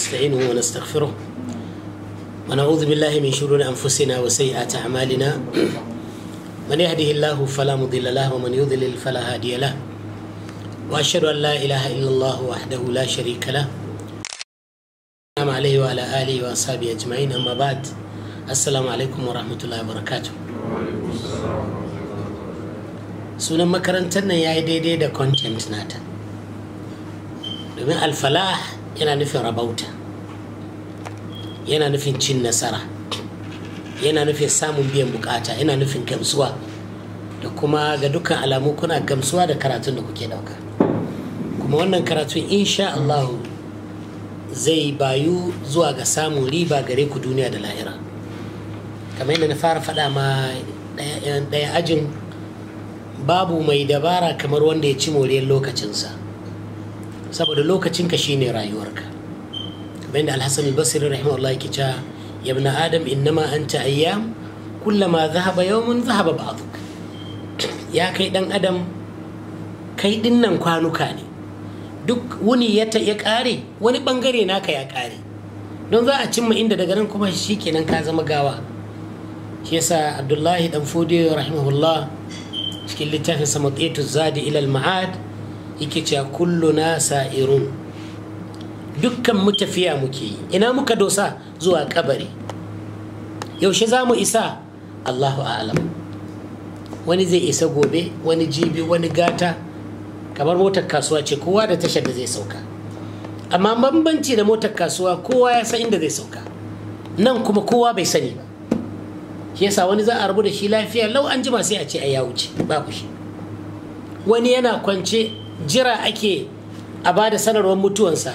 ونستعينه ونستغفره ونعوذ بالله من شرور أنفسنا وسيئات أعمالنا من يهده الله فلا مضل له ومن يضلل فلا هادي له وأشهد أن لا إله إلا الله وحده لا شريك له السلام عليه وعلى آله وأصحابه أجمعين أما بعد السلام عليكم ورحمة الله وبركاته sunan makarantar nan ya yi daidai da content nata domin alfalah yana nufin rabauta yana nufin cin nasara yana nufin samun biyan bukata yana nufin gamsuwa da kuma ga dukkan alamu kuna gamsuwa da karatun da kuke dauka kuma wannan karatun insha Allah zai bayu zuwa ga samun riba gare ku duniya da lahira kamar yadda na fara faɗa ma ɗaya ajin babu mai dabara kamar wanda ya ci moriyar lokacinsa saboda lokacinka shine rayuwarka bayan da alhassan albasiri Allah yake cewa ya ibn adam innama anta ayyam kullama zahaba yawmun zahaba ba'dhuk ya kai dan adam kai dinnan kwanuka ne duk wuni ya ya kare wani bangare naka ya kare don za a cimma inda daga nan kuma kenan ka zama gawa shi yasa abdullahi dan fodiyo rahimahullah cikin littafin samatitu zadi ilal ma'ad yake cewa kulluna sa'irun dukkan mu tafiya muke yi ina muka dosa zuwa kabari yaushe za mu isa allahu alam wani zai isa gobe wani jibi wani gata kamar motar kasuwa ce kowa da tashar da zai sauka amma bambanci da motar kasuwa kowa ya san inda zai sauka nan kuma kowa bai sani ba shi yasa wani za a rabu da shi lafiya lau an jima sai a ce a ya wuce babu shi wani yana kwance jira ake a ba da sanarwar mutuwansa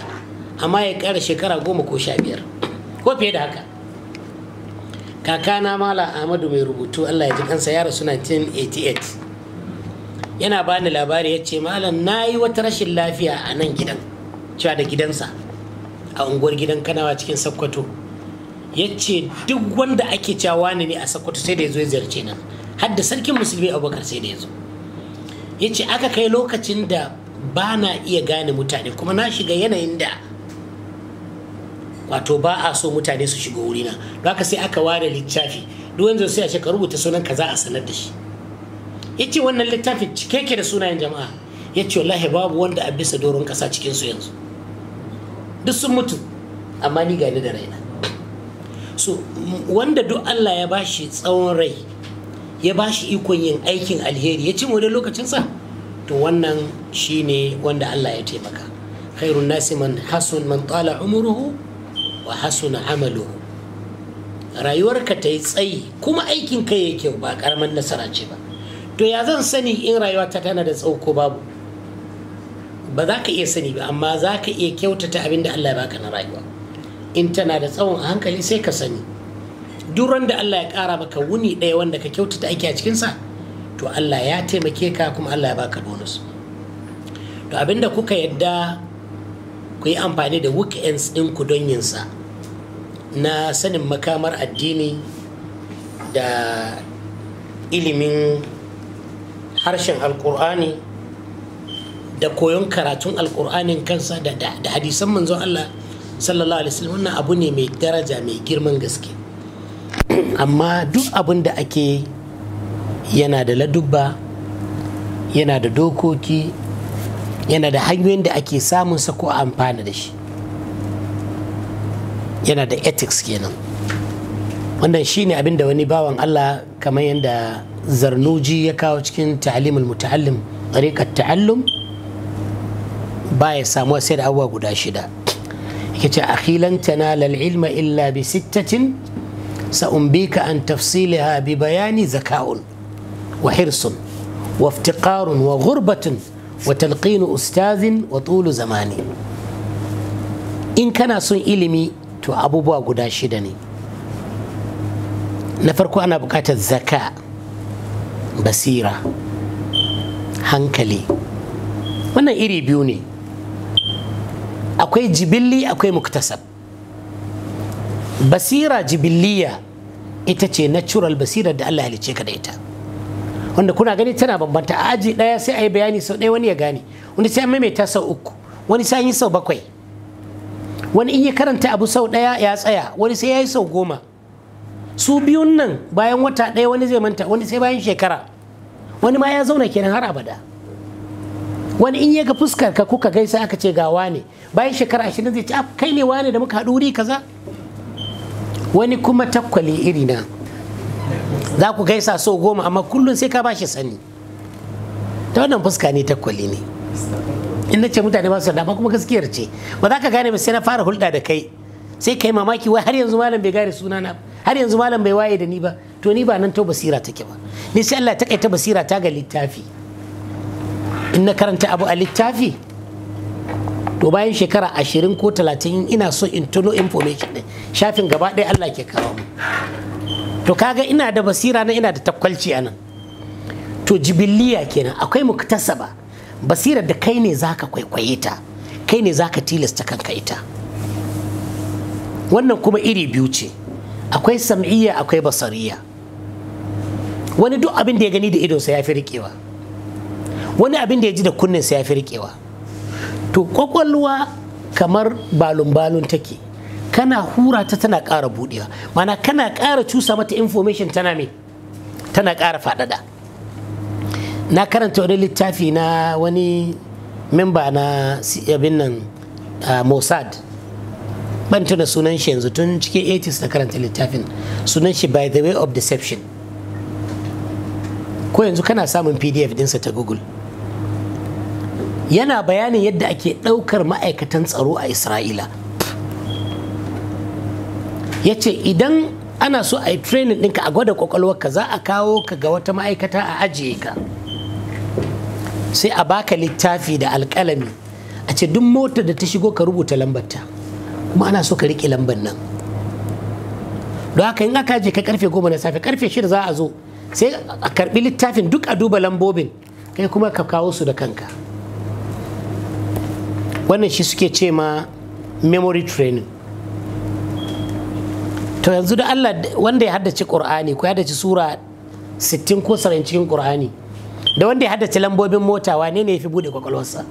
amma ya ƙara shekara goma ko sha biyar ko fiye da haka kakana mala ahmadu mai rubutu allah ya ji kansa ya rasu 1988 yana ba ni labari ya ce malam na yi wata rashin lafiya a nan gidan cewa da gidansa a unguwar gidan kanawa cikin sakkwato ya ce duk wanda ake cewa ne a sakkwato sai da ya zo ya ziyarci nan har da sarkin musulmi abubakar sai da ya zo ya ce aka kai lokacin da ba na iya gane mutane kuma na shiga yanayin da wato ba a so mutane su shiga wurina don haka sai aka ware littafi duk wanzu sai a ce ka rubuta sunan ka za a sanar da shi ya ce wannan littafin cike ke da sunayen jama'a ya ce wallahi babu wanda a bisa doron kasa cikinsu yanzu duk sun mutu amma ni gani da raina so wanda duk Allah ya bashi tsawon rai ya ba shi ikon yin aikin alheri ya ci lokacin lokacinsa to wannan shi ne wanda Allah ya taimaka khairun nasi man hasun man tala umuruhu wa hasuna amaluhu rayuwarka ta yi tsayi kuma aikin kai kyau ba karamin nasara ce ba to ya zan sani in rayuwata tana da tsauko babu ba za ka iya sani ba amma za ka iya kyautata abinda Allah ya baka na rayuwa in tana da tsawon hankali sai ka sani duk da Allah ya ƙara maka wuni ɗaya wanda ka kyautata aiki a cikinsa to Allah ya taimake ka kuma Allah ya baka bonus to abinda kuka yadda ku yi amfani da weekends ku don yin sa na sanin makamar addini da ilimin harshen alkur'ani da koyon karatun alkur'ani kansa da hadisan manzon Allah sallallahu alaihi wasallam wannan abu ne mai daraja mai girman gaske amma duk abin da ake yana da ladubba yana da dokoki yana da hanyoyin da ake samun ko a amfana da shi yana da ethics kenan wannan shine abin da wani bawan Allah kamar yadda zarnuji ya kawo cikin ta'alimul muta'llim tariqat ta'allum baya samuwa sai da abubuwa guda shida yake ce akhilan tanala ilma illa bi sittatin سأنبيك عن تفصيلها ببيان ذكاء وحرص وافتقار وغربة وتلقين أستاذ وطول زمان إن كان سن إلمي تو أبو بوا قدا شدني نفركو أنا بكات الذكاء بصيرة hankali wannan iri biyu ne akwai jibilli akwai muktasab basira jibilliya ita ce natural basirar da Allah halicce ka da ita wanda kuna gani tana bambanta aji daya sai a yi bayani sau ɗaya wani ya gane wani sai an maimaita sau uku wani sai an yi sau bakwai wani in ya karanta abu sau ɗaya ya tsaya wani sai ya yi sau goma su biyun nan bayan wata ɗaya wani zai manta wani sai bayan shekara wani ma ya zauna kenan har abada wani in ya ga fuskar ka kuka gaisa aka ce ga wane bayan shekara ashirin zai ce ah, kai ne wane da muka haɗu wuri kaza wani kuma takwale iri na za ku gaisa so goma amma kullum sai ka ba shi sani ta wannan fuska ne takwale ne in na ce mutane ba su da kuma gaskiyar ce ba za ka gane ba sai na fara hulɗa da kai sai kai mamaki wai har yanzu malam bai gane na har yanzu malam bai waye da ni ba to ni ba nan to basira take ba ni sai Allah ta kaita basira ta ga littafi in na karanta abu a littafi to bayan shekara ashirin ko talatin ina so in tuno information din shafin gaba ɗaya Allah ke kawo mu to kaga ina da basira na ina da takwalci a nan to jibiliya kenan akwai tasaba basira da kai ne za ka kwaikwaye ta kai ne za ka tilasta kanka ita wannan kuma iri biyu ce akwai sam'iyya akwai basariya wani duk abin da ya gani da idonsa ya fi riƙewa wani abin da ya ji da kunninsa ya fi riƙewa to kwakwalwa kamar balum-balun balon take kana hura ta tana ƙara buɗewa mana kana ƙara cusa mata information tana me tana ƙara faɗaɗa na karanta wani littafi na wani memba na abin nan mossad ban tuna sunan shi yanzu tun cikin 80s na karanta littafin sunan shi by the way of deception ko yanzu kana samun pdf dinsa ta google yana bayanin yadda ake ɗaukar ma'aikatan tsaro a isra'ila ya ce idan ana so a yi training ɗinka a gwada ka za a kawo ka ga wata ma'aikata a ajiye ka sai a baka littafi da alƙalami a ce duk motar da ta shigo ka rubuta lambarta kuma ana so ka riƙe lambar nan don haka in aka je ka karfe goma na safe karfe shida za a zo sai a karɓi littafin duk a duba lambobin kai kuma ka kawo su da kanka wannan shi suke ce ma memory training to yanzu da Allah wanda ya haddace Kur'ani, ko ya haddace sura 60 ko 70 cikin da wanda ya haddace lambobin mota wane ne ya fi bude kwakwalwarsa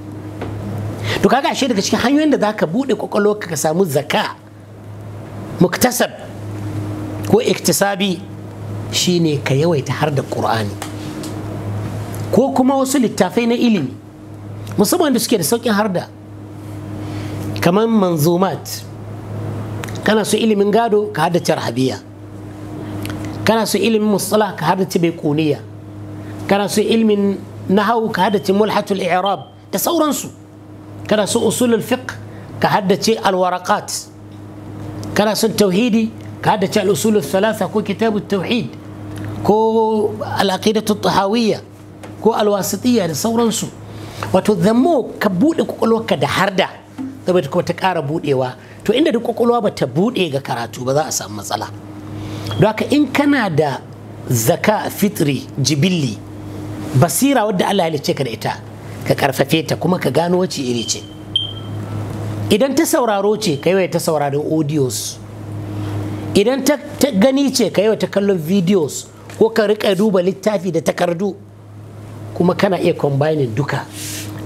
to kaga ashe daga cikin hanyoyin da za ka buɗe kwakwalwarka ka samu zaka muktasab ko iktisabi ne ka yawaita har da Qur'ani ko kuma wasu littafai na ilimi musamman da suke da saukin harda kamar manzumat kana so ilimin gado ka haddace rahabiya kana so ilimin mustalah ka haddace baikuniya kana so ilimin nahawu ka haddace mulhatul i'rab da sauransu kana so usulul fiqh ka haddace alwaraqat kana son tauhidi ka haddace al thalatha ko kitabut tauhid ko al tahawiyya ko al da sauransu wato zammo ka bude kwakwalwarka da harda zama ta kuma ta ƙara buɗewa to inda duk kwakwalwa ba ta buɗe ga karatu ba za a samu matsala don haka in kana da zaka fitri jibilli basira wadda Allah ya ka da ita ka karfafe ta kuma ka gano wacce iri ce idan ta sauraro ce ka yi ta sauraron audios idan ta gani ce ka yi ta kallon videos ko ka riƙa duba littafi da takardu kuma kana iya combining duka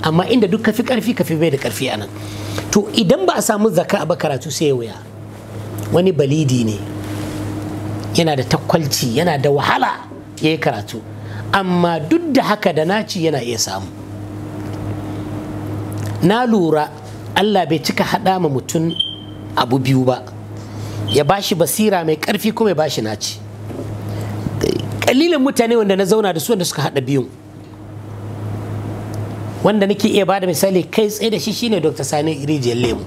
amma inda duk kafi karfi kafi bai da karfi anan to idan ba a samu zaka ba karatu sai wuya wani balidi ne yana da takwalci yana da wahala ya yi karatu amma duk da haka da naci yana iya samu na lura allah bai cika haɗa ma mutum abu biyu ba ya bashi basira mai ƙarfi kuma ya bashi naci ƙalilin mutane wanda na zauna da su wanda suka haɗa biyun wanda nake iya bada misali kai tsaye da shi shine dr sani rijiyar lemu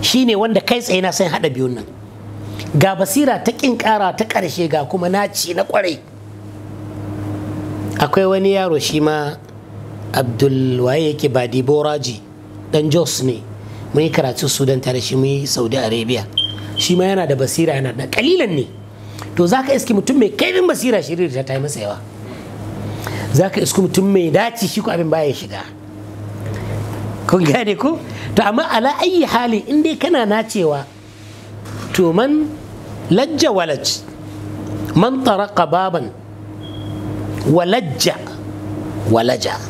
shine wanda kai tsaye na san hada biyun nan ga basira ta kin kara ta karshe ga kuma na naci na kwarai akwai wani yaro shi ma abdul waye yake ba diboraji dan jos ne mun yi karatu sudan tare shi mun yi saudi arabia shi ma yana da basira yana da kalilan ne to zaka iski mutum mai kaifin basira shirin ta yi masa yawa za ka isko mutum mai dace shi ko abin baya shiga kun gane ku? to amma ala ayi hali in dai kana nacewa to man lajja walaj man taraka baban walajja walaja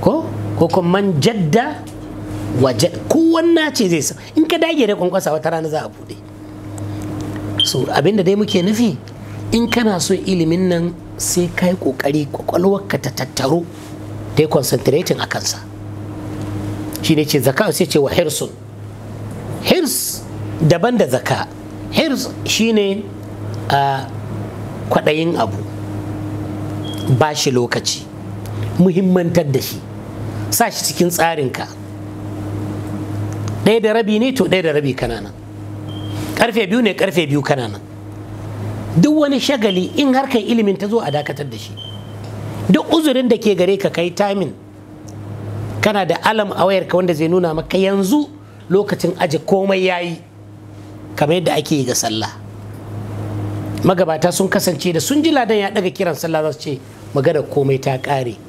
ko ko kun man jadda waje kowanne ce zai sa in ka dage da kwankwasa wata rana za a bude so abinda dai muke nufi in kana so ilimin nan sai ka yi ƙoƙari ƙwaƙwalwarka ta tattaro ta yi concentrating a kansa shi ne ce zaka sai ce wa hirsun hirs daban da zaka hirs shi ne kwaɗayin abu ba shi lokaci muhimmantar da shi sa shi cikin tsarinka ɗaya da rabi ne to ɗaya da rabi kananan ƙarfe biyu ne ƙarfe biyu kananan duk wani shagali in harkar ilimin ta zo a dakatar da shi duk uzurin da ke gare ka kai tamin kana da alam a wayarka wanda zai nuna maka yanzu lokacin aji komai ya yi kamar yadda ake yi ga sallah magabata sun kasance da sun ji ladan ya daga kiran sallah za su ce magana komai ta kare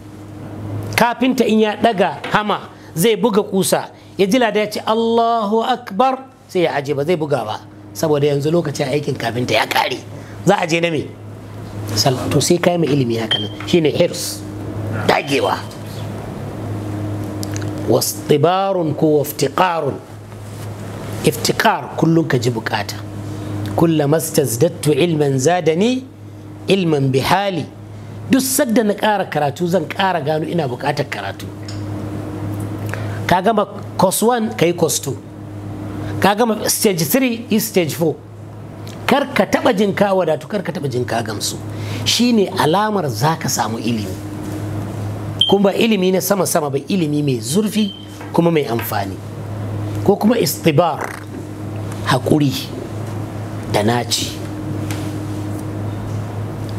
kafinta in ya daga hama zai buga kusa ya ji ladan ya ce Allahu akbar sai ya aje ba zai buga ba saboda yanzu lokacin aikin kafinta ya kare za a je na me to sai kai mai ilimi haka nan shine hirs dagewa wastibarun ko waftiqarun iftiqar kullum ka ji bukata kullama mastazdadtu ilman zadani ilman bihali duk sadda na ƙara karatu zan ƙara gano ina buƙatar karatu ka gama cos 1 ka yi cos 2 ka gama stage 3 stage 4 kar ka taba jin ka wadatu kar ka taba jin ka gamsu shine alamar za ka samu ilimi kuma ba ilimi na sama sama ba ilimi mai zurfi kuma mai amfani ko kuma istibar haƙuri da naci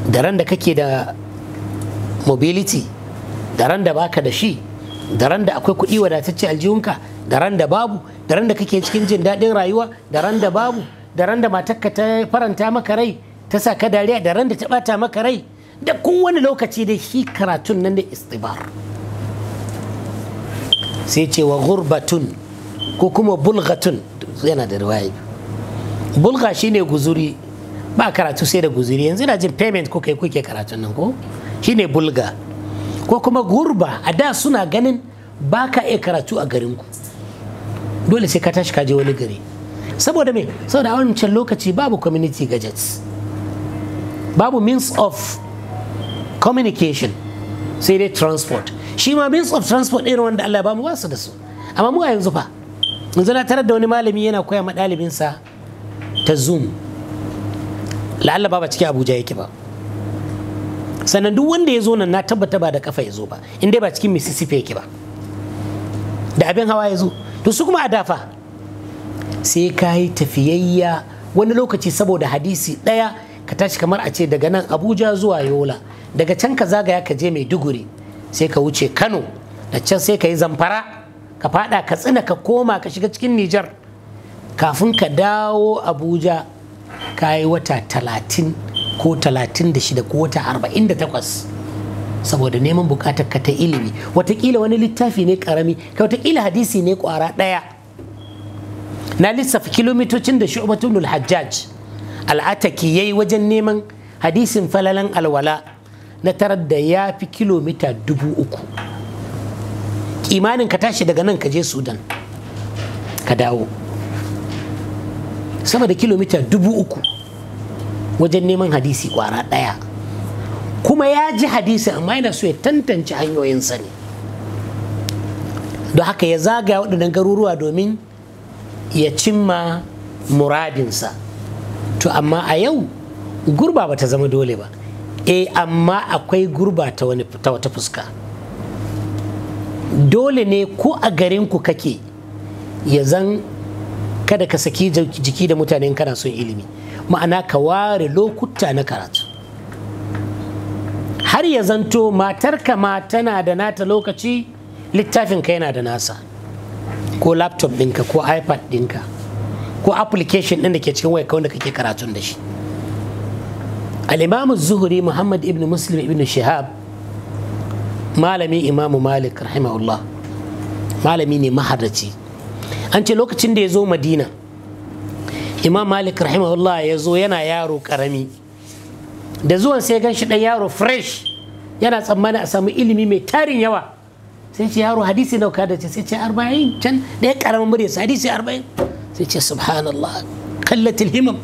da ran da kake da mobility da da baka da shi da da akwai kuɗi wadatacce aljihunka da da babu da da kake cikin jin daɗin rayuwa da da babu da ran da matarka ta faranta maka rai ta sa ka dariya da ran da ta bata maka rai da kowane lokaci da shi karatun nan da istibar sai ce wa gurbatun ko kuma bulgatun yana da riwaya bulga shine guzuri ba karatu sai da guzuri yanzu na jin payment ko kai kuke karatun nan ko shine bulga ko kuma gurba a da suna ganin ba ka iya karatu a garinku dole sai ka tashi ka je wani gari saboda me saboda a wancan lokaci babu community gadgets babu means of communication sai dai transport shi ma means of transport irin wanda Allah ba mu wasu da su amma mu a yanzu fa yanzu na tarar da wani malami yana koya ma ɗalibinsa ta zoom la'alla ba ciki cikin abuja yake ba sannan duk wanda ya zo nan na tabbata ba da kafa ya zo ba in dai ba cikin mississippi yake ba da abin hawa ya zo to su kuma a dafa sai ka yi tafiyayya wani lokaci saboda hadisi ɗaya ka tashi kamar a ce daga nan abuja zuwa yola daga can ka zagaya ka je mai maiduguri sai ka wuce kano da can sai ka yi zamfara ka fada ka tsina ka koma ka shiga cikin nijar kafin ka dawo abuja ka yi wata talatin ko talatin da shida ko wata arba'in da takwas saboda neman bukatar ka ta ilimi watakila wani littafi ne karami ka watakila hadisi ne kwara ɗaya na lissafa kilomitocin da shu'batul hajjaj al'ataki yayi wajen neman hadisin falalan alwala na tarar da ya fi kilomita dubu uku kimanin ka tashi daga nan ka je sudan ka dawo sama da kilomita dubu uku wajen neman hadisi kwara daya kuma ya ji hadisi amma yana so ya tantance hanyoyinsa ne don haka ya zagaya waɗannan garuruwa domin ya cimma muradinsa to amma a yau gurba ba ta zama dole ba e amma akwai gurba ta wata fuska dole ne ko a garin ku kake ya zan kada ka saki jiki da mutanen kana son ilimi ma'ana ka ware lokuta na karatu har ya zanto matarka ma tana da nata lokaci littafin littafinka yana da nasa ko laptop ɗinka ko ipad ɗinka ko application ɗin da ke cikin kawai da kake karatun da shi al-imamu zuhuri muhammad ibn muslim ibn shihab malami imamu malik rahimahullah malami ne mahadaci. an ce lokacin da ya zo madina imam malik rahimahullah ya zo yana yaro karami da zuwan sai gan shi ɗan yaro fresh yana tsammani a samu ilimi mai tarin yawa sai ce yaro hadisi nawa ka dace sai ce arba'in can da ya karamin murya su hadisi arba'in sai ce subhanallah kallatil himam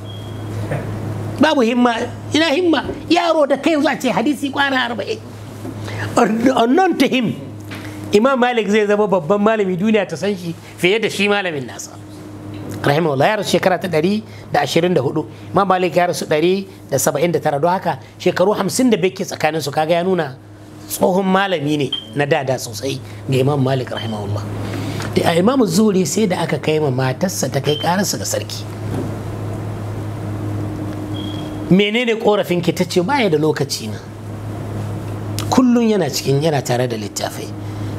babu himma ina himma yaro da kai yanzu a ce hadisi kwana arba'in unknown to him imam malik zai zama babban malami duniya ta san shi fiye da shi malamin nasa rahimahullah ya rasu shekara ta ɗari da ashirin da hudu imam malik ya rasu ɗari da saba'in da tara don haka shekaru hamsin da bai ke tsakaninsu kaga ya nuna tsohon malami ne na dada sosai ga imam malik rahimahullah da a imam zuri sai da aka kai ma matarsa ta kai kararsa ga sarki menene korafin ki ta ce baya da lokaci na kullum yana cikin yana tare da littafai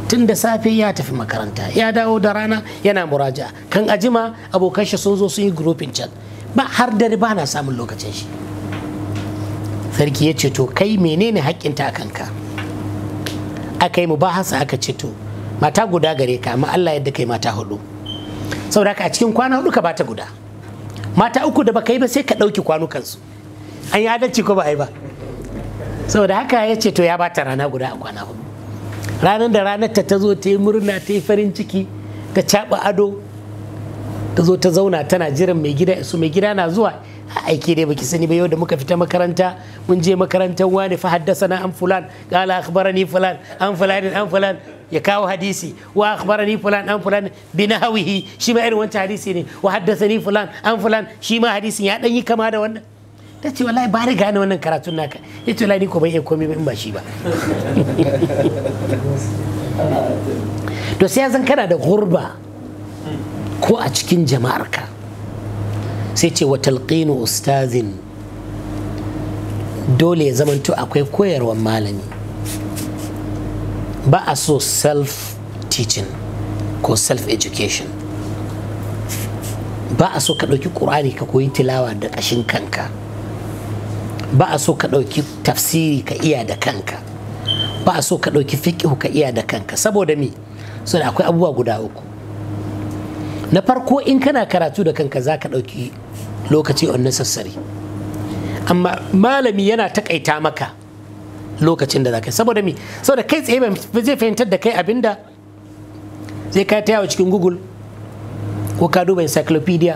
tun da safe ya tafi makaranta ya dawo da rana yana muraja kan ajima abokan shi sun zo sun yi grouping chat ba har dare ba na samun lokacin shi sarki ya ce to kai menene haƙƙinta a kanka aka yi mubahasa aka ce to mata guda gare ka amma Allah yadda kai mata hudu saboda haka a cikin kwana hudu ka bata guda mata uku da baka yi ba sai ka dauki kwanukansu an yi adalci ko ba a yi ba saboda haka ya ce to ya bata rana guda a kwana hudu ranar da ranar ta tazo ta yi murna ta yi farin ciki ta caɓa ado ta zo ta zauna tana jiran mai gida su mai gida na zuwa aiki dai baki sani ba yau da muka fita makaranta mun je makarantar wani fa haddasana an fulan qala akhbarani fulan an fulan an fulan ya kawo hadisi wa akhbarani fulan an fulan bi nahwihi shi ma irin wancan hadisi ne wa haddasani fulan an fulan shi ma hadisin ya dan yi kama da wannan ta ce wallahi ba riga ne wannan karatun naka ya ce wallahi ni ko ban iya komai ba in ba shi ba to sai zan kana da gurba ko a cikin jama'arka sai ce wa talqinu ustazin dole ya zamanto akwai koyarwar malami ba a so self teaching ko self education ba a so ka ɗauki ƙur'ani ka koyi tilawa da ƙashin kanka ba a so ka ɗauki tafsiri ka iya da kanka ba a so ka ɗauki fiƙihu ka iya da kanka saboda me so akwai abubuwa guda uku na farko in kana karatu da kanka za ka ɗauki lokaci unnecessary amma malami yana takaita maka lokacin da zaka saboda mi saboda kai tsaye ba zai fahimtar da kai abinda zai ka ta yawo cikin google ko ka duba encyclopedia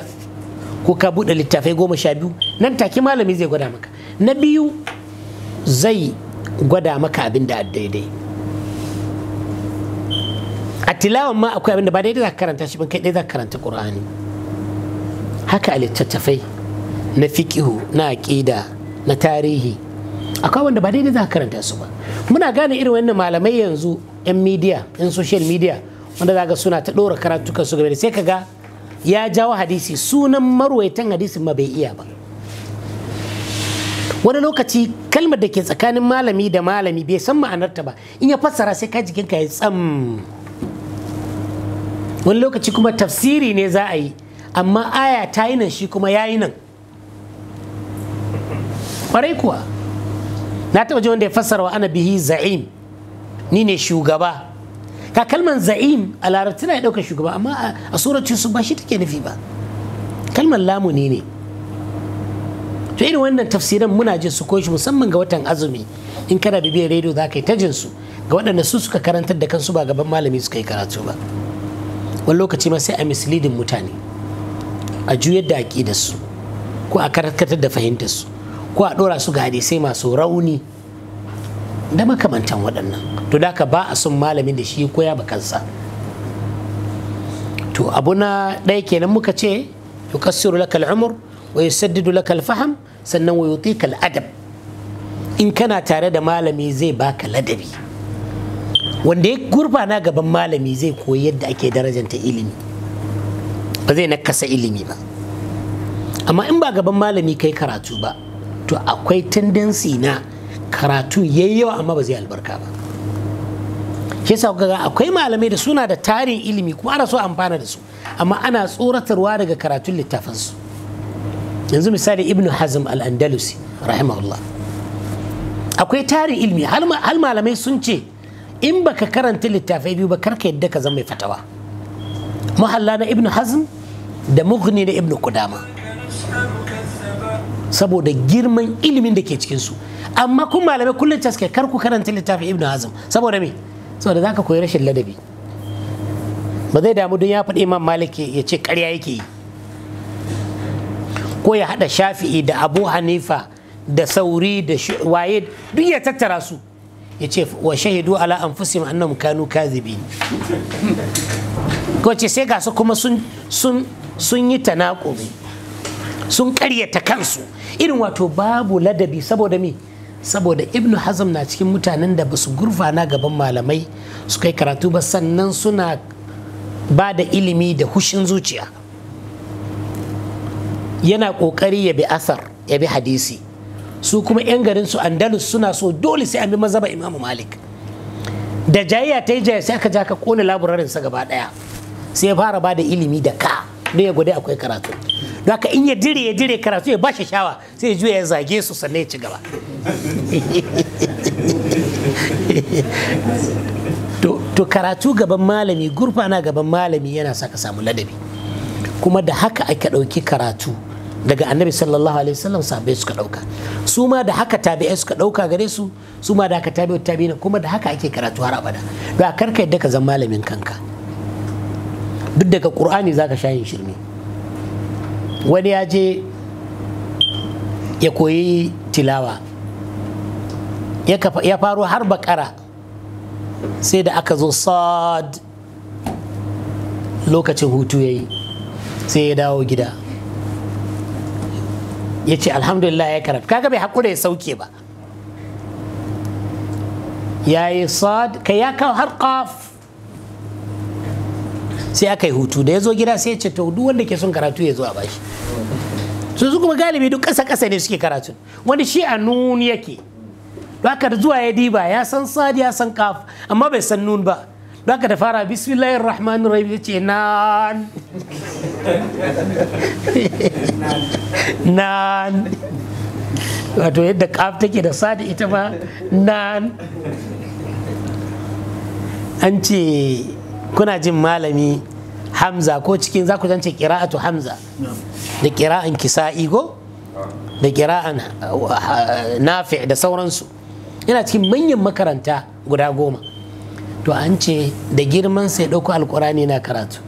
ko ka buɗe littafai goma sha biyu nan take malami zai gwada maka na biyu zai gwada maka abin da daidai a tilawan ma akwai abin da ba daidai za ka karanta shi ban kai daidai za ka karanta ƙur'ani haka a littattafai na fikihu na aƙida na tarihi akwai wanda ba daidai za karanta su ba muna gane irin wannan malamai yanzu 'yan midiya, 'yan social media wanda za ga suna ta ɗora karatukan su gabe da sai ka ga ya jawo hadisi sunan marwaitan hadisin ma bai iya ba wani lokaci kalmar da ke tsakanin malami da malami bai san ma'anarta ba in ya fassara sai ka jikinka ya tsam wani lokaci kuma tafsiri ne za a yi amma aya ta yi nan shi kuma ya yi nan ƙwarai kuwa na taɓa ji wanda ya fassara wa ana bihi za'im ni ne shugaba ka kalman za'im a larabci na ya ɗauka shugaba amma a surar su ba shi take nufi ba kalmar lamu ne ne to irin wannan tafsiran muna jin su koshi musamman ga watan azumi in kana bibiyar rediyo za ka yi ta su ga waɗanda su suka karantar da kansu ba gaban malami suka yi karatu ba wani lokaci ma sai a misalidin mutane a juyar da aƙidar su ko a karkatar da fahimtar su ko a ɗora su ga hadisai masu rauni da makamantan waɗannan to da ka ba a son malamin da shi koya ba kansa to abu na ɗaya kenan muka ce yukassiru laka al'umur wa yusaddidu laka al-faham sannan wa yutika al-adab in kana tare da malami zai baka ladabi wanda ya gurfana gaban malami zai koyi yadda ake darajanta ilimi ba zai nakasa ilimi ba amma in ba gaban malami kai karatu ba to akwai tendensi na karatu yayi yawa amma ba zai albarka ba shi sa ga akwai malamai da suna da tarin ilimi kuma ana so amfana da su amma ana tsoratarwa daga karatun littafansu yanzu misali Ibn hazm al-andalusi rahimahullah akwai tarin ilimi hal malamai sun ce in baka karanta littafai biyu ba karka yadda ka zama mai fatawa muhalla na ibnu hazm da mughni na ibnu kudama saboda girman ilimin da ke cikinsu amma kun malamai kullum ta suke kar ku karanta littafin ibnu hazm saboda me saboda za ka koyi rashin ladabi ba zai damu don ya faɗi imam malik ya ce ƙarya yake yi ko ya haɗa shafi'i da abu hanifa da sauri da waye duk ya tattara su ya ce wa shahidu ala anfusihim annahum kanu kadhibin wace sai ga su kuma sun yi tanaƙuri sun karyata kansu irin wato babu ladabi saboda me saboda ibnu hazm na cikin mutanen da ba basu gurfana gaban malamai su kai karatu ba sannan suna ba da ilimi da hushin zuciya yana kokari ya bi asar ya bi hadisi su kuma 'yan garin su andalus suna so dole sai an bi mazaba imamu malik da jayya ta yi jayya sai aka ja ka kone laburarinsa gaba daya. sai ya fara bada ilimi da ka don ya gwada akwai karatu don haka in ya dire ya dire karatu ya bashi shawa sai ya juya ya zage su sannan ya ci gaba to karatu gaban malami gurfana gaban malami yana sa ka samu ladabi kuma da haka aka ɗauki karatu daga annabi sallallahu alaihi wasallam sabai suka ɗauka su ma da haka tabi'ai suka ɗauka gare su su ma da haka tabi'ai tabi'ai kuma da haka ake karatu har abada ba a karka yadda ka zan malamin kanka duk daga ƙur'ani zaka sha yin shirme wani ya je ya koyi tilawa ya faro har bakara sai da aka zo sad lokacin hutu ya yi sai ya dawo gida ya ce alhamdulillah ya karatu kaga bai haƙura ya sauke ba ya yi sad kai ya kawo har ƙaf sai aka yi hutu da ya zo gida sai ya ce to duk wanda ke son karatu ya zo a bashi su su kuma galibi duk ƙasa ƙasa ne suke karatu wani shi a nun yake haka da zuwa ya diba ya san sad ya san kaf amma bai san nun ba don haka da fara bismillahir rahmanir rahim ya ce nan nan wato yadda kaf take da sad ita ba nan an ce kuna jin malami hamza ko cikin za ku zance kira'atu hamza da kira'an kisa'i ko da kira'an uh, nafi da sauransu yana cikin manyan makaranta guda goma to an ce da girman sai ɗauko alkurani na karatu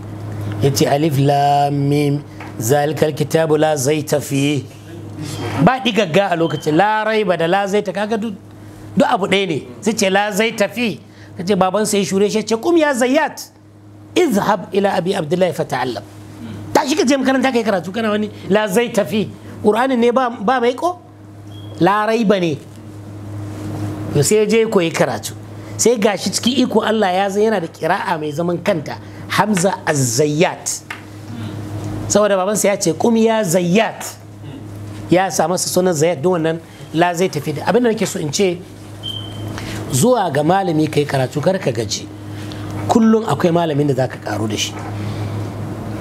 ya ce alif lamim zalikar kitabu la zai tafiye ba ɗigagga a lokacin Larai ba da la zai ta kaga duk abu ɗaya ne sai ce la zai tafi kace baban sai ya shure shi ce kum ya zayyat izhab ila abi abdullahi Ta shi ka je makaranta kai karatu kana wani la zai tafi qur'ani ne ba ba mai ko la raiba ne sai je koyi karatu sai gashi ciki iko Allah ya zai yana da kira'a mai zaman kanta Hamza Az-Zayyat saboda babansa ya ce kum ya Zayyat ya samu sunan Zayyat don wannan la zai tafi da abin da nake so in ce zuwa ga malami kai karatu kar ka gaji kullum akwai malamin da zaka karu da shi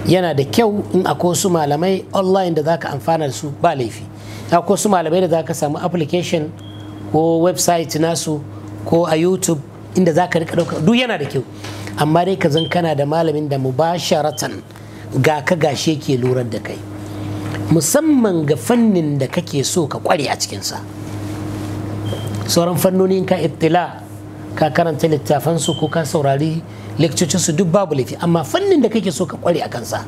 yana da kyau in akwai wasu malamai online da zaka amfana da su ba laifi akwai wasu malamai da zaka samu application ko website nasu ko a youtube inda zaka rika dauka duk yana da kyau amma dai ka zan kana da malamin da mubasharatan ga ka gashe ke lurar da kai musamman ga fannin da kake so ka kware a cikinsa. sa sauran fannoni ka ittila ka karanta littafan su ko ka saurari su duk babu laifi amma fannin da kake so ka kware a kansa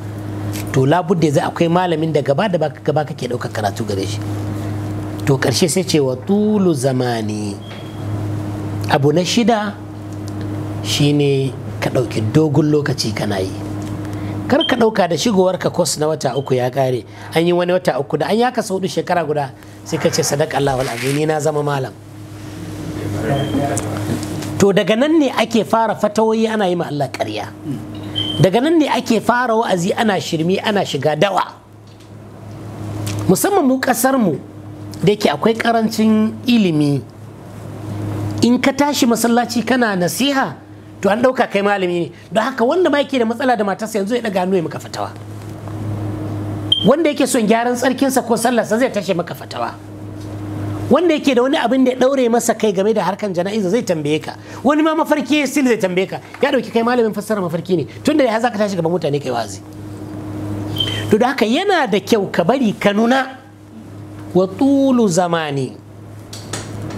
to labudde zai akwai malamin da gaba da gaba kake ɗaukar karatu gare shi to karshe sai ce wa tulu zamani abu na shida shine ka ɗauki dogon lokaci kana yi kar ka ɗauka da shigowar ka kos na wata uku ya kare an yi wani wata uku da an yaka sau shekara guda sai ka ce sadaka Allah wal na zama malam to daga nan ne ake fara fatawoyi ana yi ma Allah ƙarya daga nan ne ake fara wa'azi ana shirmi ana shiga dawa musamman mu ƙasar mu da yake akwai ƙarancin ilimi in ka tashi masallaci kana nasiha to an ɗauka kai malami ne don haka wanda ma yake da matsala da matarsa yanzu ya ɗaga hannu ya maka fatawa wanda yake son gyaran tsarkinsa ko sallarsa zai tashe maka fatawa wanda yake da wani abin da ya daure masa kai game da harkan jana'iza zai tambaye ka wani ma mafarki sil zai tambaye ka ya dauki kai malamin fassara mafarki ne da ya ka tashi gaban mutane kai wazi to da haka yana da kyau ka bari ka nuna wa tulu zamani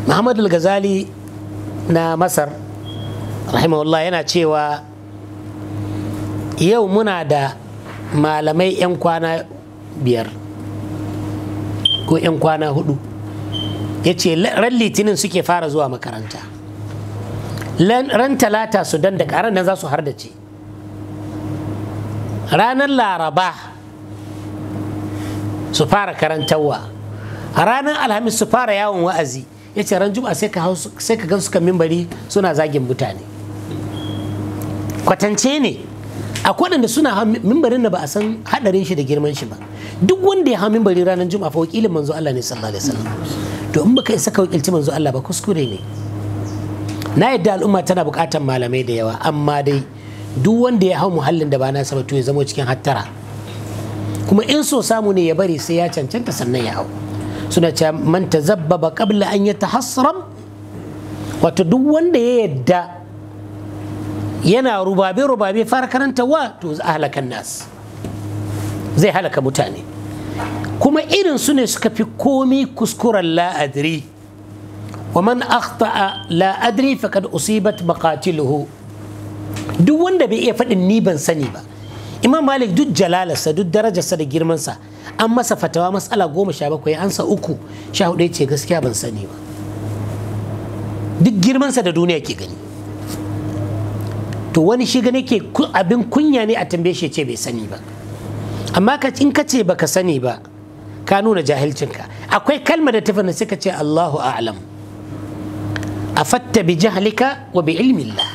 Muhammad al-Ghazali na Masar rahimahullah yana cewa yau muna da malamai 'yan kwana biyar ko 'yan kwana hudu ya ce ran litinin suke fara zuwa makaranta ran talata su dan da karan nan za su har da ce ranar laraba su fara karantarwa ranar alhamis su fara yawon wa'azi ya ce ran juma'a sai ka gan su kan mimbari suna zagin mutane kwatance ne a waɗanda suna mimbarin da ba a san hadarin shi da girman shi ba duk wanda ya hau mimbari ranar juma'a fa wakilin manzo Allah ne sallallahu alaihi wasallam don baka isa ka wakilci manzo Allah ba kuskure ne na yadda al'umma tana buƙatar malamai da yawa amma dai duk wanda ya hau muhallin da ba na saba to ya zama cikin hattara kuma in so samu ne ya bari sai ya cancanta sannan ya hau suna cewa man tazabbaba qabla an yatahassaram wato duk wanda ya yadda yana rubabe rubabe fara karanta wa to halakan nas zai halaka mutane kuma irin su ne suka fi komi kuskuren la'adri wa man akhta'a la'adri faqad usibat maqatiluhu duk wanda bai iya faɗin ni ban sani ba imam malik duk jalalarsa duk darajarsa da girmansa an masa fatawa matsala goma sha bakwai ansa uku sha hudu ce gaskiya ban sani ba duk girmansa da duniya ke gani to wani shi gane ke abin kunya ne a tambaye shi ce bai sani ba amma in ka ce baka sani ba ka nuna jahilcinka akwai kalma da tafi suka ce Allahu a'lam afatta bi jahlika wa bi ilmillah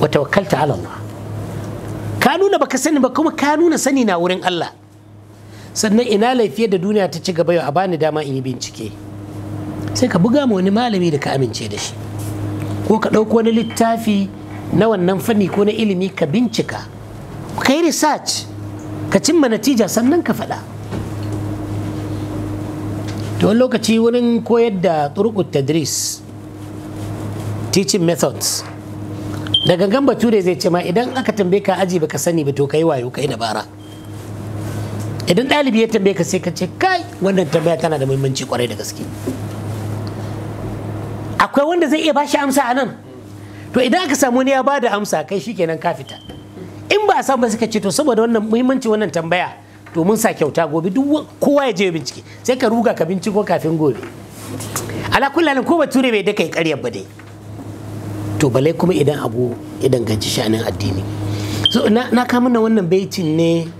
wa tawakkalta ala Allah ka nuna baka sani ba kuma ka nuna sani na wurin Allah sannan ina laifiye da duniya ta ci gaba yau a bani dama in yi bincike sai ka buga ma wani malami da ka amince da shi ko ka ɗauko wani littafi na wannan fanni ko na ilimi ka bincika ka yi research ka cimma natija sannan ka faɗa to wani lokaci wurin koyar da turku tadris teaching methods da gangan bature zai ce ma idan aka tambaye ka aji baka sani ba to kai wayo kai dabara idan ɗalibi ya tambaye ka sai ka ce kai wannan tambaya tana da muhimmanci kwarai da gaske akwai wanda zai iya bashi amsa a nan to idan aka samu ne ya da amsa kai shikenan ka fita in ba a samu suka ce to saboda wannan muhimmanci wannan tambaya to mun sa kyauta gobe duk kowa ya je ya bincike sai ka ruga ka binciko kafin gobe ala kullum ko bature bai daka kai ba dai to balai kuma idan abu idan ganci sha'anin addini so na na kama wannan baitin ne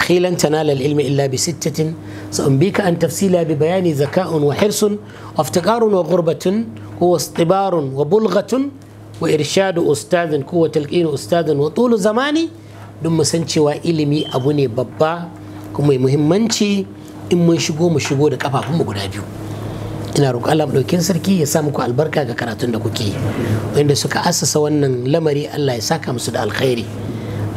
khilan al ilmi illa bi sittatin sa umbika an tafsila bi bayani zaka'un wa hirsun wa iftiqarun wa ghurbatun wa istibarun wa bulghatun wa irshadu ko wa talqin ustadin wa tulu zamani don mu san cewa ilimi abu ne babba kuma mai muhimmanci in mun shigo mu shigo da mu guda biyu ina roƙo Allah ɗaukin sarki ya sa muku albarka ga karatun da kuke wanda suka assasa wannan lamari Allah ya saka musu da alkhairi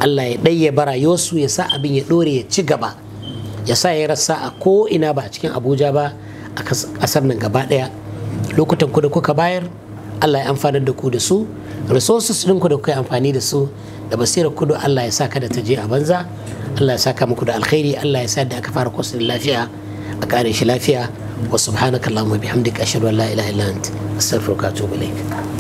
Allah ya bara rayuwarsu ya sa abin ya ɗore ya ci gaba ya sa ya rasa a ko ina ba a cikin Abuja ba a ƙasar nan gaba ɗaya lokutan ku da kuka bayar Allah ya amfanar da ku da su resources ku da kuka amfani da su da basirar kudu Allah ya sa kada ta je a banza Allah ya saka muku da alkhairi Allah ya sa da aka fara kwasu lafiya a kare shi lafiya wa Allahumma bihamdika ashhadu an la ilaha illa anta astaghfiruka wa atubu ilaik